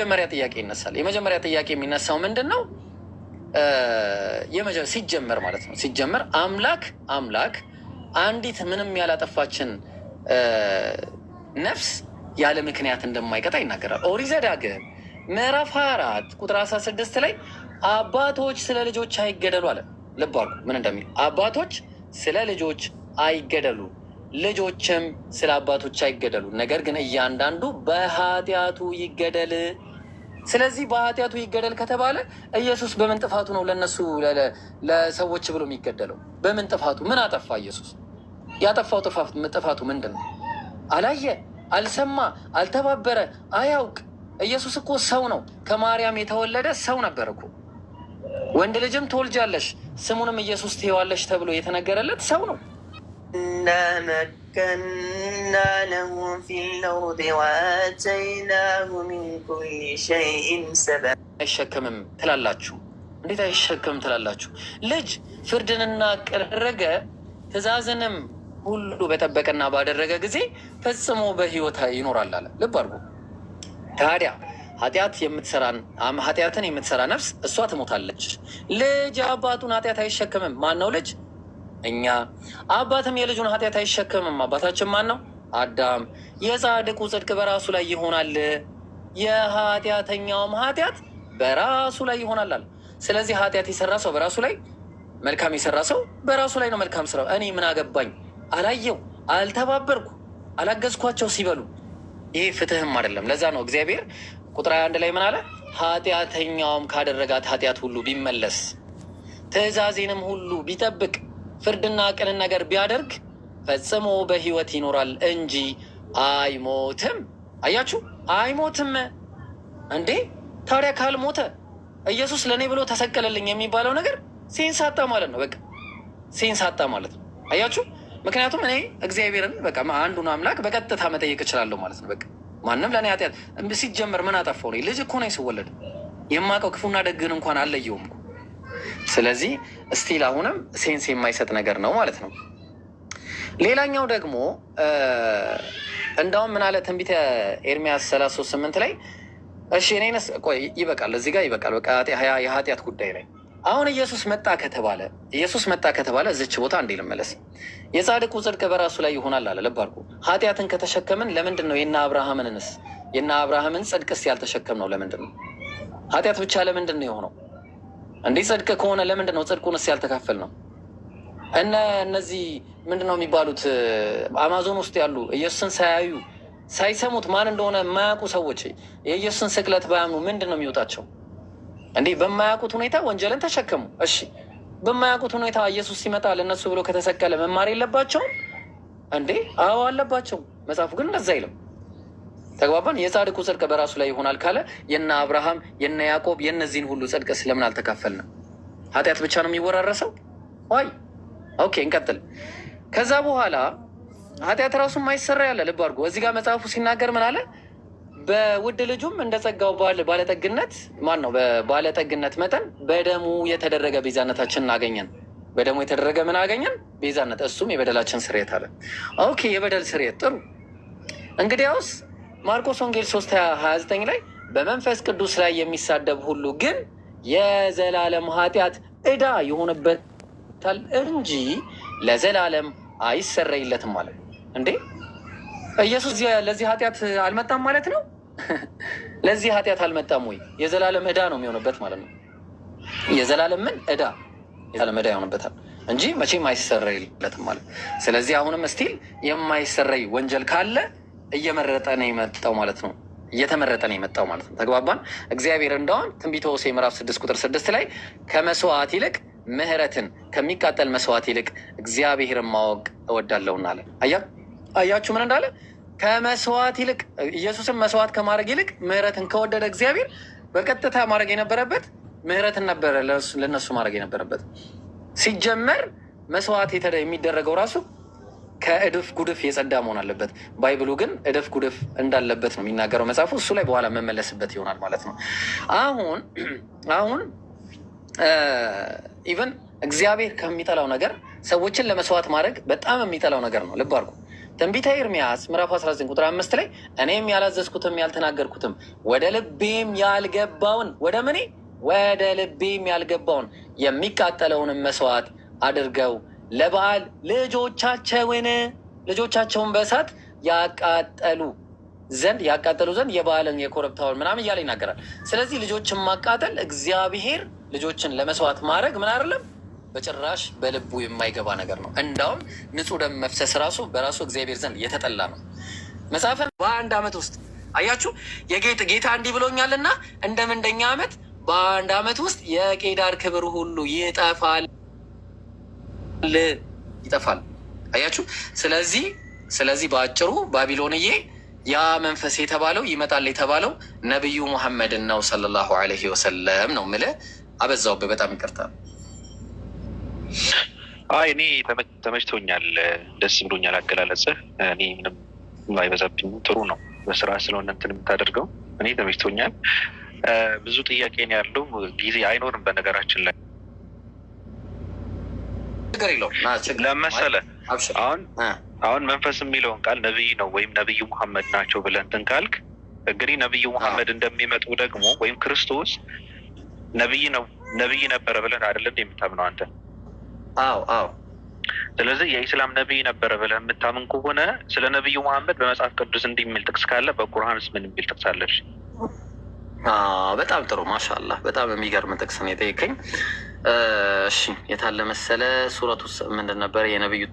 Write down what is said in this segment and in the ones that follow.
የመጀመሪያ ጥያቄ ይነሳል። የመጀመሪያ ጥያቄ የሚነሳው ምንድን ነው? ሲጀመር ማለት ነው ሲጀመር አምላክ አምላክ አንዲት ምንም ያላጠፋችን ነፍስ ያለ ምክንያት እንደማይቀጣ ይናገራል። ኦሪት ዘዳግም ምዕራፍ 24 ቁጥር 16 ላይ አባቶች ስለ ልጆች አይገደሉ አለ። ልብ ምን እንደሚል አባቶች ስለ ልጆች አይገደሉ፣ ልጆችም ስለ አባቶች አይገደሉ፣ ነገር ግን እያንዳንዱ በኃጢአቱ ይገደል ስለዚህ በኃጢአቱ ይገደል ከተባለ ኢየሱስ በምን ጥፋቱ ነው ለነሱ ለሰዎች ብሎ የሚገደለው? በምን ጥፋቱ? ምን አጠፋ ኢየሱስ? ያጠፋው ጥፋቱ ምንድን ነው? አላየ፣ አልሰማ፣ አልተባበረ፣ አያውቅ። ኢየሱስ እኮ ሰው ነው። ከማርያም የተወለደ ሰው ነበር እኮ። ወንድ ልጅም ትወልጃለሽ ስሙንም ኢየሱስ ትይዋለሽ ተብሎ የተነገረለት ሰው ነው። إنا مكنا له في الأرض وآتيناه من كل شيء سببا አይሸከምም ትላላችሁ። እንዴት አይሸከምም ትላላችሁ? ልጅ ፍርድንና ቀረገ ትእዛዝንም ሁሉ በጠበቀና ባደረገ ጊዜ ፈጽሞ በህይወት ይኖራል አለ። ልብ አድርጎ ታዲያ ኃጢአት የምትሰራ ኃጢአትን የምትሰራ ነፍስ እሷ ትሞታለች። ልጅ አባቱን ኃጢአት አይሸከምም። ማን ነው ልጅ? እኛ አባትም የልጁን ኃጢአት አይሸከምም። አባታችን ማን ነው? አዳም። የጻድቁ ጽድቅ በራሱ ላይ ይሆናል፣ የኃጢአተኛውም ኃጢአት በራሱ ላይ ይሆናል አለ። ስለዚህ ኃጢአት የሰራ ሰው በራሱ ላይ መልካም የሰራ ሰው በራሱ ላይ ነው መልካም ስራው። እኔ ምን አገባኝ? አላየው፣ አልተባበርኩ፣ አላገዝኳቸው ሲበሉ ይሄ ፍትህም አይደለም። ለዛ ነው እግዚአብሔር ቁጥር አንድ ላይ ምን አለ? ኃጢአተኛውም ካደረጋት ኃጢአት ሁሉ ቢመለስ ትእዛዜንም ሁሉ ቢጠብቅ ፍርድና ቅን ነገር ቢያደርግ ፈጽሞ በህይወት ይኖራል እንጂ አይሞትም። አያችሁ፣ አይሞትም እንዴ! ታዲያ ካልሞተ ኢየሱስ ለእኔ ብሎ ተሰቀለልኝ የሚባለው ነገር ሴንስ አጣ ማለት ነው። በቃ ሴንስ አጣ ማለት ነው። አያችሁ፣ ምክንያቱም እኔ እግዚአብሔርን በቃ አንዱን አምላክ በቀጥታ መጠየቅ እችላለሁ ማለት ነው። በቃ ማንም ለእኔ ኃጢአት ሲጀመር ምን አጠፋው? ልጅ እኮ ነኝ ስወለድ የማውቀው ክፉና ደግን እንኳን አለየውም። ስለዚህ ስቲል አሁንም ሴንስ የማይሰጥ ነገር ነው ማለት ነው። ሌላኛው ደግሞ እንዳውም ምን አለ ትንቢተ ኤርሚያስ ሰላሳ ሶስት ስምንት ላይ እሺ እኔ ቆይ ይበቃል፣ እዚህ ጋር ይበቃል። በቃ የኃጢአት ጉዳይ ላይ አሁን ኢየሱስ መጣ ከተባለ ኢየሱስ መጣ ከተባለ እዚች ቦታ እንዴ ልመለስ። የጻድቁ ጽድቅ በራሱ ላይ ይሆናል አለ። ልብ አድርጉ። ኃጢአትን ከተሸከምን ለምንድን ነው የና አብርሃምንንስ የና አብርሃምን ጽድቅስ ያልተሸከም ነው? ለምንድን ነው ኃጢአት ብቻ ለምንድን ነው የሆነው? እንዴ ጽድቅ ከሆነ ለምንድን ነው እስ ያልተካፈል ነው? እነ እነዚህ ምንድን ነው የሚባሉት አማዞን ውስጥ ያሉ ኢየሱስን ሳያዩ ሳይሰሙት ማን እንደሆነ የማያውቁ ሰዎች የኢየሱስን ስቅለት ባያምኑ ምንድን ነው የሚወጣቸው? እንዲህ በማያውቁት ሁኔታ ወንጀልን ተሸከሙ። እሺ በማያውቁት ሁኔታ ኢየሱስ ሲመጣ ለእነሱ ብሎ ከተሰቀለ መማር የለባቸውም እንዴ? አዎ አለባቸው። መጽሐፉ ግን እንደዛ አይልም። ተግባባን። የጻድቁ ጽድቅ በራሱ ላይ ይሆናል ካለ የነ አብርሃም የነ ያዕቆብ የነዚህን ሁሉ ጽድቅ ስለምን አልተካፈልንም? ኃጢአት ብቻ ነው የሚወራረሰው? ዋይ ኦኬ፣ እንቀጥል። ከዛ በኋላ ኃጢአት ራሱ ማይሰራ ያለ ልብ አድርጎ እዚህ ጋር መጽሐፉ ሲናገር ምን አለ? በውድ ልጁም እንደ ጸጋው ባለጠግነት ማን ነው? በባለጠግነት መጠን በደሙ የተደረገ ቤዛነታችን እናገኘን። በደሙ የተደረገ ምን አገኘን? ቤዛነት፣ እሱም የበደላችን ስርየት አለ። ኦኬ፣ የበደል ስርየት ጥሩ። እንግዲያውስ ማርቆስ ወንጌል 3 29 ላይ በመንፈስ ቅዱስ ላይ የሚሳደብ ሁሉ ግን የዘላለም ኃጢአት እዳ ይሆንበታል እንጂ ለዘላለም አይሰረይለትም ማለት ነው። እንዴ ኢየሱስ ለዚህ ኃጢአት አልመጣም ማለት ነው። ለዚህ ኃጢአት አልመጣም ወይ? የዘላለም እዳ ነው የሚሆንበት ማለት ነው። የዘላለም ምን እዳ? የዘላለም እዳ ይሆንበታል እንጂ መቼም አይሰረይለትም ማለት። ስለዚህ አሁንም ስቲል የማይሰረይ ወንጀል ካለ እየመረጠ ነው የመጣው ማለት ነው። እየተመረጠ ነው የመጣው ማለት ነው። ተግባባን። እግዚአብሔር እንደሆን ትንቢተ ሆሴዕ ምዕራፍ ስድስት ቁጥር ስድስት ላይ ከመስዋዕት ይልቅ ምህረትን ከሚቃጠል መስዋዕት ይልቅ እግዚአብሔርን ማወቅ እወዳለሁና አለ። አያ አያችሁ ምን እንዳለ ከመስዋዕት ይልቅ ኢየሱስን መስዋዕት ከማድረግ ይልቅ ምህረትን ከወደደ እግዚአብሔር በቀጥታ ማድረግ የነበረበት ምህረትን ነበረ ለነሱ ማድረግ የነበረበት ሲጀመር መስዋዕት የሚደረገው ራሱ ከእድፍ ጉድፍ የጸዳ መሆን አለበት። ባይብሉ ግን እድፍ ጉድፍ እንዳለበት ነው የሚናገረው መጽሐፉ። እሱ ላይ በኋላ መመለስበት ይሆናል ማለት ነው። አሁን አሁን ኢቨን እግዚአብሔር ከሚጠላው ነገር ሰዎችን ለመስዋዕት ማድረግ በጣም የሚጠላው ነገር ነው። ልብ አድርጉ። ትንቢተ ኤርሚያስ ምዕራፍ 19 ቁጥር አምስት ላይ እኔም ያላዘዝኩትም ያልተናገርኩትም ወደ ልቤም ያልገባውን ወደ ምኔ ወደ ልቤም ያልገባውን የሚቃጠለውንም መስዋዕት አድርገው ለበዓል ልጆቻቸውን ልጆቻቸውን በእሳት ያቃጠሉ ዘንድ ያቃጠሉ ዘንድ የበዓልን የኮረብታውን ምናምን እያለ ይናገራል። ስለዚህ ልጆችን ማቃጠል እግዚአብሔር ልጆችን ለመስዋዕት ማድረግ ምን አይደለም፣ በጭራሽ በልቡ የማይገባ ነገር ነው። እንዳውም ንጹህ ደም መፍሰስ ራሱ በራሱ እግዚአብሔር ዘንድ የተጠላ ነው። መጽሐፈ በአንድ ዓመት ውስጥ አያችሁ የጌጥ ጌታ እንዲህ ብሎኛልና እንደ ምንደኛ ዓመት በአንድ ዓመት ውስጥ የቄዳር ክብር ሁሉ ይጠፋል። ይጠፋል። አያችሁ። ስለዚህ ስለዚህ በአጭሩ ባቢሎንዬ ያ መንፈስ የተባለው ይመጣል የተባለው ነቢዩ ሙሐመድን ነው ሰለላሁ አለይሂ ወሰለም ነው ምለ አበዛውብ በጣም ይቅርታ። አይ እኔ ተመችቶኛል፣ ደስ ብሎኛል አገላለጽህ። እኔ ምንም አይበዛብኝም፣ ጥሩ ነው። በስራ ስለሆነ እንትን የምታደርገው እኔ ተመችቶኛል። ብዙ ጥያቄ ነው ያለው፣ ጊዜ አይኖርም በነገራችን ላይ ችግር የለውም። ለመሰለ አሁን አሁን መንፈስ የሚለውን ቃል ነብይ ነው ወይም ነብዩ መሐመድ ናቸው ብለን እንትን ካልክ እንግዲህ ነብዩ መሐመድ እንደሚመጡ ደግሞ ወይም ክርስቶስ ነብይ ነው ነብይ ነበረ ብለን አይደለም የምታምነው አንተ? አዎ አዎ። ስለዚህ የኢስላም ነቢይ ነበረ ብለህ የምታምን ከሆነ ስለ ነቢዩ መሐመድ በመጽሐፍ ቅዱስ እንዲህ የሚል ጥቅስ ካለ በቁርአንስ ምን የሚል ጥቅስ አለች? በጣም ጥሩ ማሻአላህ፣ በጣም የሚገርም ጥቅስ ነው የጠየከኝ። እሺ የታለ መሰለ ሱረቱ ምንድን ነበር? የነብዩ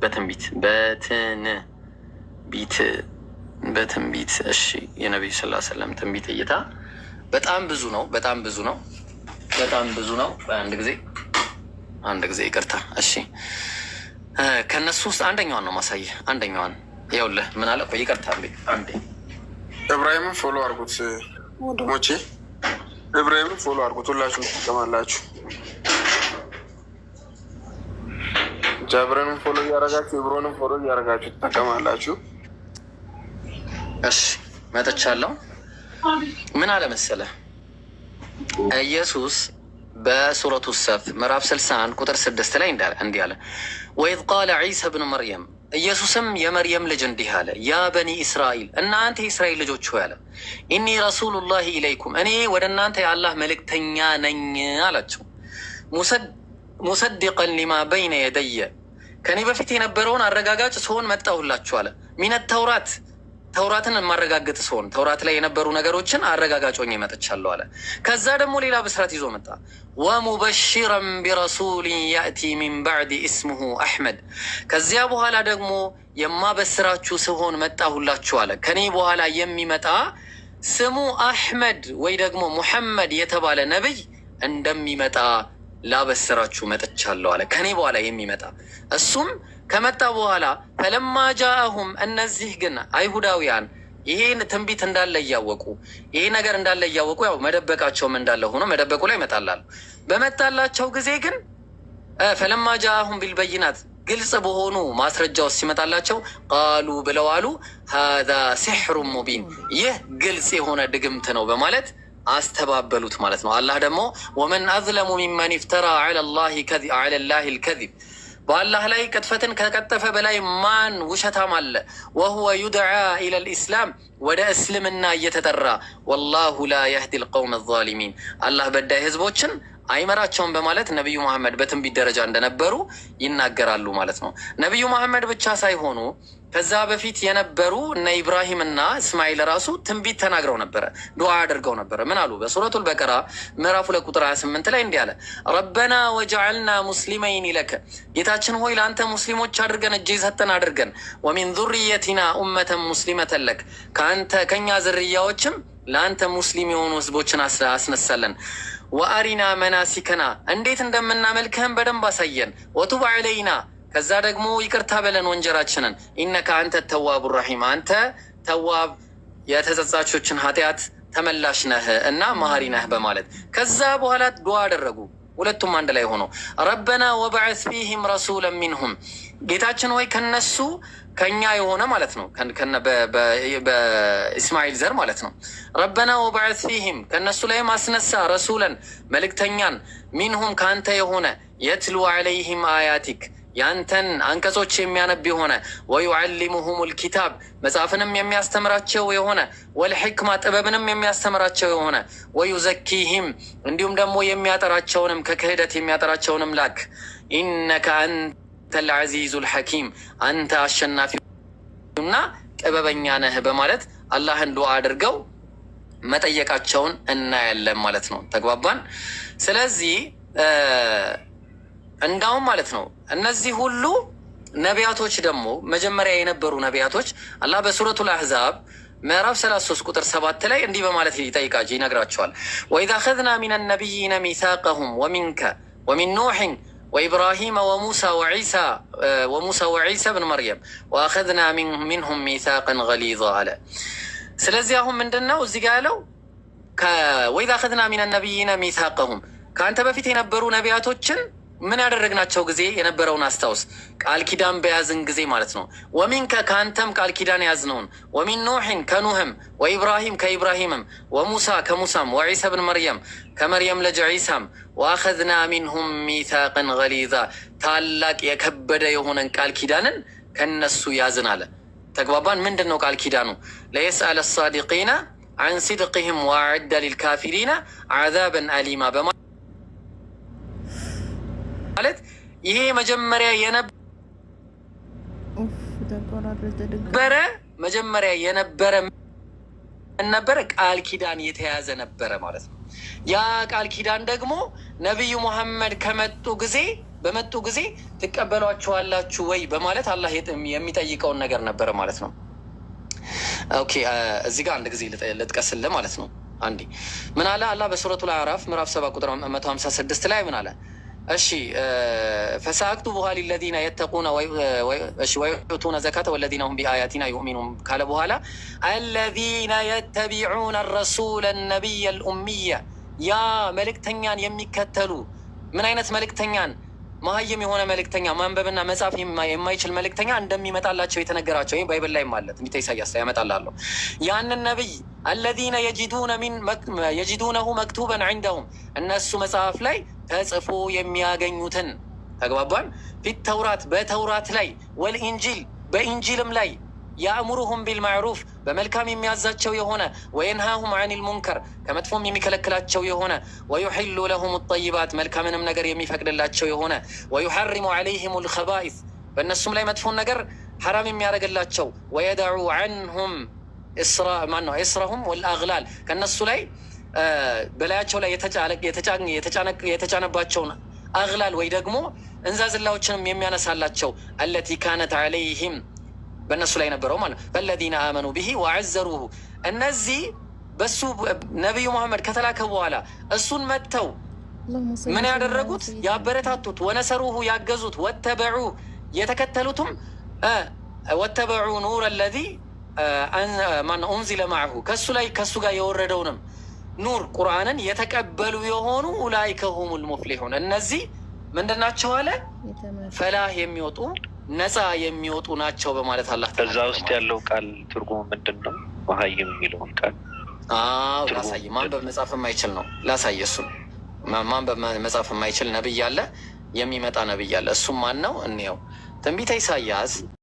በትንቢት በትን ቢት በትንቢት እሺ፣ የነቢዩ ስላ ስለም ትንቢት እይታ በጣም ብዙ ነው። በጣም ብዙ ነው። በጣም ብዙ ነው። አንድ ጊዜ አንድ ጊዜ ይቅርታ። እሺ ከእነሱ ውስጥ አንደኛዋን ነው ማሳየ አንደኛዋን ይኸውልህ ምን አለ? ቆይ ይቅርታ፣ አንዴ እብራሂምን ፎሎ አርጉት ወንድሞቼ፣ እብራሂምን ፎሎ አርጉት ሁላችሁ ትጠቀማላችሁ። ጀብረንም ፎሎ እያረጋችሁ ኢብሮንም ፎሎ እያረጋችሁ ትጠቀማላችሁ። እሺ መጥቻለሁ። ምን አለ መሰለህ ኢየሱስ በሱረቱ ሰፍ ምዕራፍ 61 ቁጥር 6 ላይ እንዲህ አለ፣ ወኢዝ ቃለ ዒሳ ብኑ መርየም ኢየሱስም የመርየም ልጅ እንዲህ አለ፣ ያ በኒ እስራኤል እናንተ የእስራኤል ልጆች ሆይ አለ፣ ኢኒ ረሱሉላሂ ኢለይኩም እኔ ወደ እናንተ የአላህ መልእክተኛ ነኝ አላቸው። ሙሰድ ሙሰድቀን ሊማ በይነ የደየ ከኔ በፊት የነበረውን አረጋጋጭ ሰውን መጣሁላችሁ አለ። ሚነት ተውራት ተውራትን የማረጋግጥ ሰውን ተውራት ላይ የነበሩ ነገሮችን አረጋጋጭ አረጋጋጮኝ መጥቻለሁ አለ። ከዛ ደግሞ ሌላ ብስራት ይዞ መጣ። ወሙበሽረን ቢረሱሊን ያእቲ ሚን ባዕድ እስምሁ አሕመድ። ከዚያ በኋላ ደግሞ የማበስራችሁ ስሆን መጣሁላችሁ አለ። ከኔ በኋላ የሚመጣ ስሙ አሕመድ ወይ ደግሞ ሙሐመድ የተባለ ነቢይ እንደሚመጣ ላበስራችሁ መጥቻለሁ አለ። ከኔ በኋላ የሚመጣ እሱም ከመጣ በኋላ ፈለማ ጃአሁም እነዚህ ግን አይሁዳውያን ይሄን ትንቢት እንዳለ እያወቁ ይሄ ነገር እንዳለ እያወቁ ያው መደበቃቸውም እንዳለ ሆኖ መደበቁ ላይ ይመጣላሉ። በመጣላቸው ጊዜ ግን ፈለማ ጃአሁም ቢልበይናት ግልጽ በሆኑ ማስረጃ ውስጥ ሲመጣላቸው ቃሉ ብለው አሉ ሃዛ ሲሕሩ ሙቢን ይህ ግልጽ የሆነ ድግምት ነው በማለት አስተባበሉት ማለት ነው። አላህ ደግሞ ወመን አዝለሙ ሚመን ይፍተራ አለላህ ልከዚብ በአላህ ላይ ቅጥፈትን ከቀጠፈ በላይ ማን ውሸታም አለ? ወሁወ ዩድዓ ኢለል ኢስላም ወደ እስልምና እየተጠራ ወላሁ ላ የህዲ ልቀውም ዛሊሚን አላህ በዳይ ህዝቦችን አይመራቸውም በማለት ነቢዩ መሐመድ በትንቢት ደረጃ እንደነበሩ ይናገራሉ ማለት ነው። ነቢዩ መሐመድ ብቻ ሳይሆኑ ከዛ በፊት የነበሩ እነ ኢብራሂም እና እስማኤል ራሱ ትንቢት ተናግረው ነበረ፣ ዱዓ አድርገው ነበረ። ምን አሉ? በሱረቱል በቀራ ምዕራፍ ሁለት ቁጥር 28 ላይ እንዲህ አለ፣ ረበና ወጀዐልና ሙስሊመይን ይለከ፣ ጌታችን ሆይ ለአንተ ሙስሊሞች አድርገን እጅ ሰጠን አድርገን፣ ወሚን ዙርየቲና ኡመተን ሙስሊመተን ለክ፣ ከአንተ ከእኛ ዝርያዎችም ለአንተ ሙስሊም የሆኑ ህዝቦችን አስነሳለን ወአሪና መናሲከና፣ እንዴት እንደምናመልክህን በደንብ አሳየን። ወቱብ ዐለይና ከዛ ደግሞ ይቅርታ በለን ወንጀራችንን። ኢነካ አንተ ተዋቡ ራሒም፣ አንተ ተዋብ የተጸጻቾችን ኃጢአት ተመላሽ ነህ እና መሀሪ ነህ በማለት ከዛ በኋላ ዱዓ አደረጉ። ሁለቱም አንድ ላይ ሆኖ ረበና ወበዐስ ፊህም ረሱለ ሚንሁም፣ ጌታችን ወይ ከነሱ ከኛ የሆነ ማለት ነው፣ በእስማኤል ዘር ማለት ነው። ረበና ወበዐስ ፊህም፣ ከነሱ ላይ ማስነሳ ረሱለን መልእክተኛን፣ ሚንሁም ከአንተ የሆነ የትሉ ዐለይህም አያቲክ ያንተን አንቀጾች የሚያነብ የሆነ ወዩዓሊሙሁም ልኪታብ መጽሐፍንም የሚያስተምራቸው የሆነ ወልሕክማ ጥበብንም የሚያስተምራቸው የሆነ ወዩዘኪህም እንዲሁም ደግሞ የሚያጠራቸውንም ከክህደት የሚያጠራቸውንም ላክ። ኢነከ አንተ ልዐዚዙ ልሐኪም አንተ አሸናፊና ጥበበኛ ነህ በማለት አላህን ዱዓ አድርገው መጠየቃቸውን እናያለን ማለት ነው። ተግባባን። ስለዚህ እንዳውም ማለት ነው እነዚህ ሁሉ ነቢያቶች ደግሞ መጀመሪያ የነበሩ ነቢያቶች አላህ በሱረቱል አህዛብ ምዕራፍ 33 ቁጥር 7 ላይ እንዲህ በማለት ይጠይቃቸው ይነግራቸዋል። ወኢዝ አኸዝና ሚነ ነቢይነ ሚሳቀሁም ወሚንከ ወሚን ኖሕን ወኢብራሂመ ወሙሳ ወዒሳ ብን መርየም ወአኸዝና ሚንሁም ሚሳቅን ገሊዛ አለ። ስለዚህ አሁን ምንድን ነው እዚህ ጋ ያለው ወኢዝ አኸዝና ሚነ ነቢይነ ሚሳቀሁም ከአንተ በፊት የነበሩ ነቢያቶችን ምን ያደረግናቸው ጊዜ የነበረውን አስታውስ። ቃል ኪዳን በያዝን ጊዜ ማለት ነው። ወሚንከ ከአንተም ቃል ኪዳን ያዝነውን ወሚን ኖሕን ከኑህም ወኢብራሂም ከኢብራሂምም ወሙሳ ከሙሳም ወዒሳ ብን መርየም ከመርየም ልጅ ዒሳም ወአኸዝና ሚንሁም ሚታቅን ገሊዛ ታላቅ የከበደ የሆነን ቃል ኪዳንን ከነሱ ያዝን አለ። ተግባባን። ምንድን ነው ቃል ኪዳኑ? ለየስአለ ሳዲቂና አን ሲድቅህም ወአዕደ ሊልካፊሪና ዓዛበን አሊማ በማ ማለት ይሄ መጀመሪያ የነበረ መጀመሪያ የነበረ ነበረ ቃል ኪዳን የተያዘ ነበረ ማለት ነው። ያ ቃል ኪዳን ደግሞ ነቢዩ ሙሐመድ ከመጡ ጊዜ በመጡ ጊዜ ትቀበሏችኋላችሁ ወይ በማለት አላህ የሚጠይቀውን ነገር ነበረ ማለት ነው። ኦኬ እዚህ ጋር አንድ ጊዜ ልጥቀስልህ ማለት ነው። አንዴ ምን አለ አላህ በሱረቱ ላይ አራፍ ምዕራፍ ሰባ ቁጥር መቶ ሀምሳ ስድስት ላይ ምን አለ? እሺ ፈሳአክቱ ቡሃሊ ለዚነ የተቁነ ወዩቱነ ዘካተ ወለዚነ ሁም ቢአያቲና ዩእሚኑን ካለ በኋላ አለዚነ የተቢዑነ ረሱለ ነቢየ ልኡሚየ ያ መልእክተኛን የሚከተሉ ምን አይነት መልእክተኛን መሀይም የሆነ መልእክተኛ ማንበብና መጻፍ የማይችል መልእክተኛ እንደሚመጣላቸው የተነገራቸው ይህ ባይብል ላይ ማለት ሚተ ኢሳያስ ላይ ያመጣላለሁ። ያንን ነቢይ አለዚነ ሚን የጂዱነሁ መክቱበን ዒንደሁም እነሱ መጽሐፍ ላይ ተጽፎ የሚያገኙትን ተግባቧን ፊት ተውራት በተውራት ላይ ወልኢንጂል በኢንጂልም ላይ ያእሙሩሁም ቢልማዕሩፍ በመልካም የሚያዛቸው የሆነ ወየንሃሁም አኒል ሙንከር ከመጥፎም የሚከለክላቸው የሆነ ወዩሒሉ ለሁም ጠይባት መልካምንም ነገር የሚፈቅድላቸው የሆነ ወዩሐሪሙ ዓለይህም ልከባኢስ በእነሱም ላይ መጥፎን ነገር ሐራም የሚያደርግላቸው ወየዳዑ አንሁም ማነው እስረሁም ወልአግላል ከእነሱ ላይ በላያቸው ላይ የተጫነባቸውን አግላል ወይ ደግሞ እንዛዝላዎችንም የሚያነሳላቸው አለቲ ካነት ዓለይህም በእነሱ ላይ ነበረው ማለት ፈለዚነ አመኑ ብሂ ወዐዘሩሁ እነዚህ በሱ ነቢዩ መሐመድ ከተላከ በኋላ እሱን መጥተው ምን ያደረጉት ያበረታቱት፣ ወነሰሩሁ ያገዙት፣ ወተበዑ የተከተሉትም ወተበዑ ኑር አለዚ ኡንዚለ ማዕሁ ከሱ ላይ ከሱ ጋር የወረደውንም ኑር ቁርአንን የተቀበሉ የሆኑ ኡላይከ ሁሙል ሙፍሊሑን እነዚህ ምንድናቸው አለ ፈላህ የሚወጡ ነፃ የሚወጡ ናቸው በማለት አላህ እዛ ውስጥ ያለው ቃል ትርጉሙ ምንድን ነው? መሀይም የሚለውን ቃል ላሳይ። ማንበብ መጻፍ የማይችል ነው ላሳይ። እሱን ማንበብ መጻፍ የማይችል ነብይ አለ፣ የሚመጣ ነብይ አለ። እሱም ማን ነው? እንየው። ትንቢተ ኢሳያስ